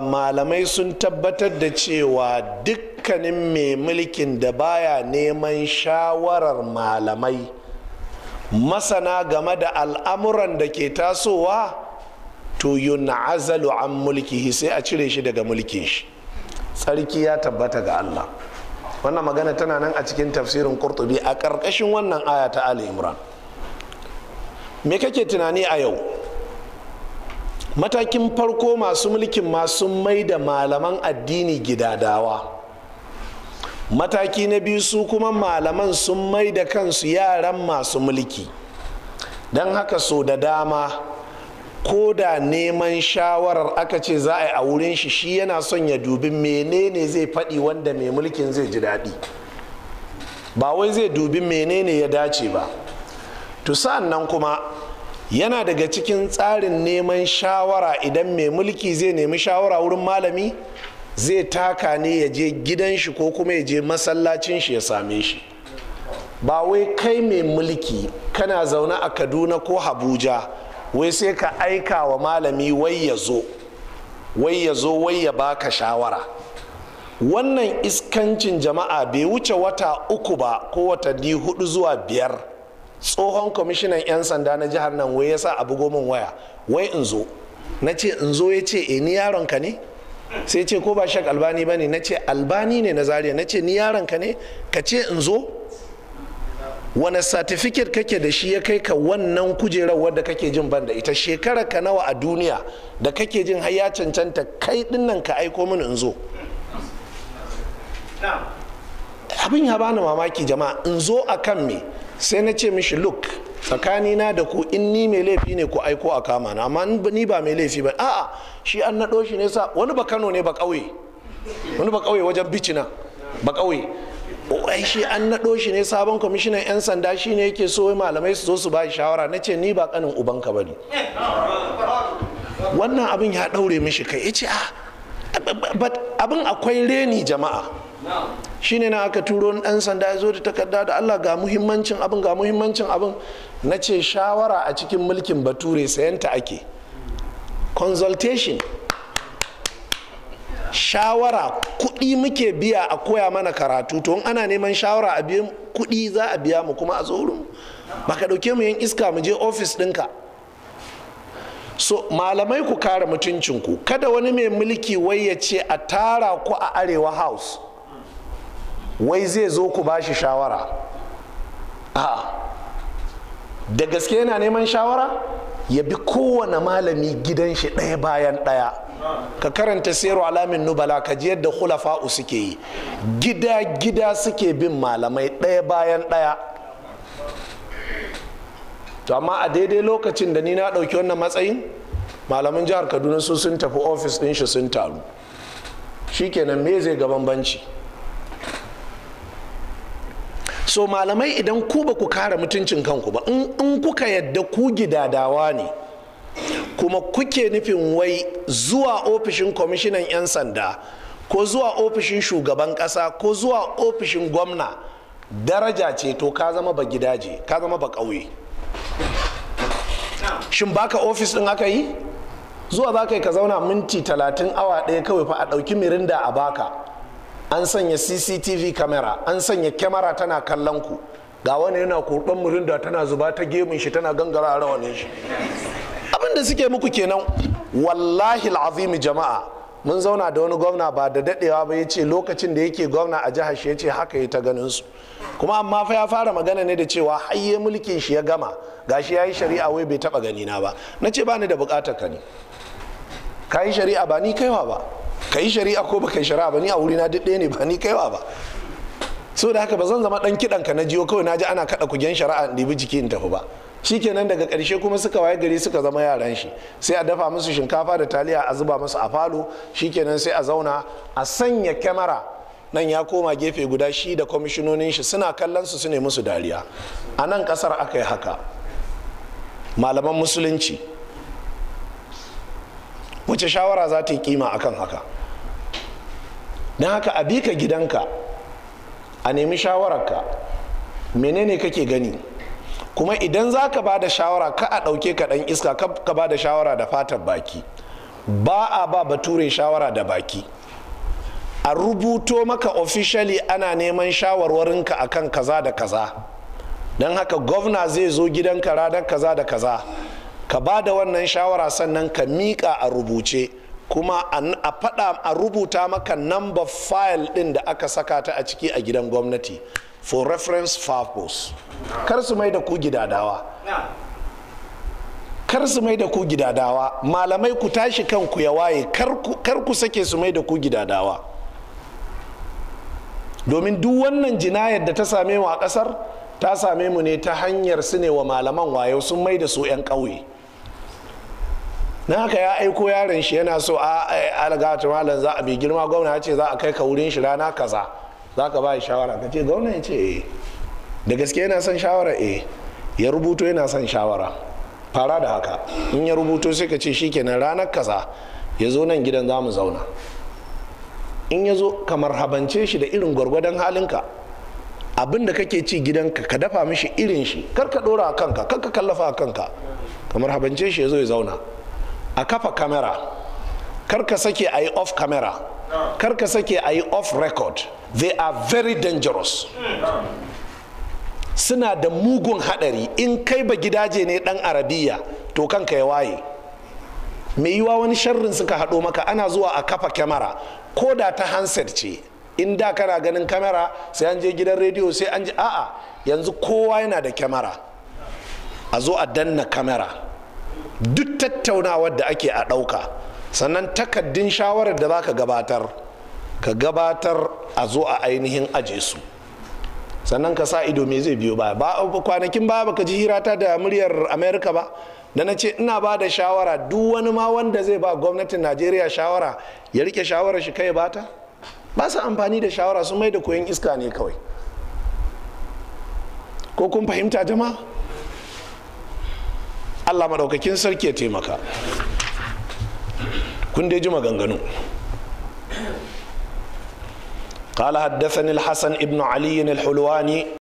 malamai sun tabbatar da cewa dukkanin mai mulkin da baya neman shawarar malamai masana game da al'amuran da ke tasowa to azalu an mulki sai a cire shi daga mulkin shi tsarki ya tabbata ga Allah wannan magana tana nan a cikin tafsirin kurtubi a ƙarƙashin wannan aya ta Ali Imran me kake tunani a yau matakin farko masu mulkin masu mai da malaman addini gidadawa mataki na biyu su kuma malaman sun mai da kansu yaran masu mulki don haka so da dama ko da neman shawarar aka ce za a yi a wurin shi shi yana son ya dubi menene zai faɗi wanda mai mulkin zai ji daɗi ba wai zai dubi menene ya dace ba to sa'an nan kuma yana daga cikin tsarin neman shawara idan mai mulki zai nemi shawara wurin malami zai taka ne ya je gidan shi ko kuma ya je masallacin shi ya same shi ba wai kai mai mulki kana zaune a kaduna ko habuja wai sai ka aika wa malami wai ya zo wai ya zo wai ya baka shawara wannan iskancin jama'a bai wuce wata uku ba ko watanni hudu zuwa biyar tsohon kwamishinan 'yan sanda na jihar nan wai ya sa abu gomin waya wai in zo na ce in zo ya ce e ni yaron ka ne sai ce ko ba shak albani ba ne na ce albani ne na zariya na ce ni yaron ka ne ka ce in zo wani satifiket kake da shi ya kai ka wannan kujerar wadda kake jin ban da ita shekara ka nawa a duniya da kake jin har ya cancanta kai dinnan ka aiko mini in zo abin ya bani mamaki jama'a in zo a kan me sai na ce mishi look tsakanina da ku in ni mai laifi ne ku aiko a kama na amma ni ba mai laifi ba a'a shi an naɗo shi ne sa wani ba kano ne ba ƙauye wani ba ƙauye wajen bicina ba ƙauye ai shi an naɗo shi ne sabon kwamishinan 'yan sanda shi ne yake so malamai su zo su ba shawara na ce ni ba kanin ubanka ba ne wannan abin ya ɗaure mishi kai ya ce a ah, abin akwai reni jama'a shine na aka turo ɗan sanda ya zo da takarda da Allah ga muhimmancin abin ga muhimmancin abin na ce shawara a cikin mulkin bature sayanta ake consultation shawara kuɗi muke biya a koya mana karatu to in ana neman shawara a biyan kuɗi za a biya mu kuma a tsoron ba ka ɗauke mu yin iska mu je ofis ɗinka so malamai ku kare mutuncinku kada wani mai mulki wai ya ce a tara ku a arewa house wai zai zo ku ba shi shawara a da gaske yana neman shawara ya bi kowane malami gidan shi ɗaya bayan ɗaya ka karanta sayarwa alamin nubala ka ji yadda hulafa'u suke yi gida gida suke bin malamai ɗaya bayan ɗaya to amma a daidai lokacin da ni na ɗauki wannan matsayin malaman jihar kaduna su sun tafi ofis ɗin shi sun taru shikenan me zai ga bambanci so malamai idan ku ba ku kare mutuncin kanku ba in kuka yadda ku gidadawa ne kuma kuke nufin wai zuwa ofishin kwamishinan 'yan sanda ko zuwa ofishin shugaban kasa ko zuwa ofishin gwamna daraja ce to ka zama ba gidaje ka zama ba ƙauye shin baka ofis ɗin aka yi zuwa za ka yi ka zauna minti talatin awa ɗaya kawai fa a ɗauki mirinda a baka an sanya cctv kamera an sanya kyamara tana kallon ku ga wani yana kurban murinda tana zuba ta gemun shi tana gangara a rawanin shi abin da suke muku kenan wallahi al'azimi jama'a mun zauna da wani gwamna ba da dadewa ba ya ce lokacin da yake gwamna a jihar shi ya ce haka ya ta ganin su kuma amma fa ya fara magana ne da cewa hayye mulkin shi ya gama gashi ya yi shari'a wai bai taba ganina ba na ce ba ni da bukatar ka ne ka yi shari'a ba ni kaiwa ba ka yi shari'a ko baka yi shari'a ba ni a wuri duk ɗaya ne ba ni kaiwa ba so da haka ba zan zama ɗan kiɗan ka na jiyo kawai na ji ana kaɗa gen shari'a in ɗibi jiki in tafi ba shikenan daga ƙarshe kuma suka waye gari suka zama yaran shi sai a dafa musu shinkafa da taliya a zuba musu a falo shikenan sai a zauna a sanya kyamara nan ya koma gefe guda shi da kwamishinonin shi suna kallon su su ne musu dariya a nan ƙasar aka yi haka malaman musulunci wace shawara za ta yi kima akan haka don haka a bika gidanka a nemi shawararka menene kake gani kuma idan za ka ba da shawara ka a ɗauke ka ɗan iska ka ba da shawara da fatar baki ba a ba bature shawara da baki a rubuto maka officially ana neman shawarwarinka akan kaza da kaza don haka gwamna zai zo gidanka ranar kaza da kaza ka ba da wannan shawara sannan ka miƙa a rubuce kuma a faɗa a rubuta maka number file ɗin da aka saka ta a ciki a gidan gwamnati for reference purpose kar su mai da ku gidadawa kar su mai da ku gidadawa malamai ku tashi kanku ya waye kar ku sake su mai da ku gidadawa domin duk wannan jinayar da ta same mu a ƙasar ta same mu ne ta hanyar su ne wa malaman wayo sun mai da su 'yan ƙauye na haka ya aiko yaron shi yana so a algata malam za a bi girma gwamna ya ce za a kai ka wurin shi rana kaza za ka ba shawara ka ce gwamna ya ce eh da gaske yana son shawara eh ya rubuto yana son shawara fara da haka in ya rubuto sai ka ce shikenan ranar kaza ya zo nan gidan za mu zauna in ya zo kamar habance shi da irin gwargwadon halinka abin da kake ci gidanka ka dafa mishi irin shi kar ka dora a kanka kar ka kallafa a kanka kamar habance shi ya zo ya zauna a kafa kamera kar ka sake a yi off kamera kar ka sake a yi off record they are very dangerous suna da mugun hadari in kai ba gidaje ne dan arabiya to kanka ya waye mai yiwa wani sharrin suka haɗo maka ana zuwa a kafa kamera ko da ta hanset ce in da kana ganin kamera sai an je gidan rediyo sai an ji a'a yanzu kowa yana da kamera a zo a danna kamera. duk tattaunawar da ake a ɗauka sannan takaddin shawarar da za ka gabatar ka gabatar a zo a ainihin aje su sannan ka sa ido me zai biyo ba ba kwanakin ba baka ji hirata da muryar america ba da na ce ina ba da shawara duk wani ma wanda zai ba gwamnatin najeriya shawara ya rike shawarar shi kai bata ba su amfani da shawara su mai da koyon iska ne kawai ko kun fahimta jama'a allah maɗaukakin sarki ya taimaka kun dai ji maganganu قال حدثني الحسن ابن علي الحلواني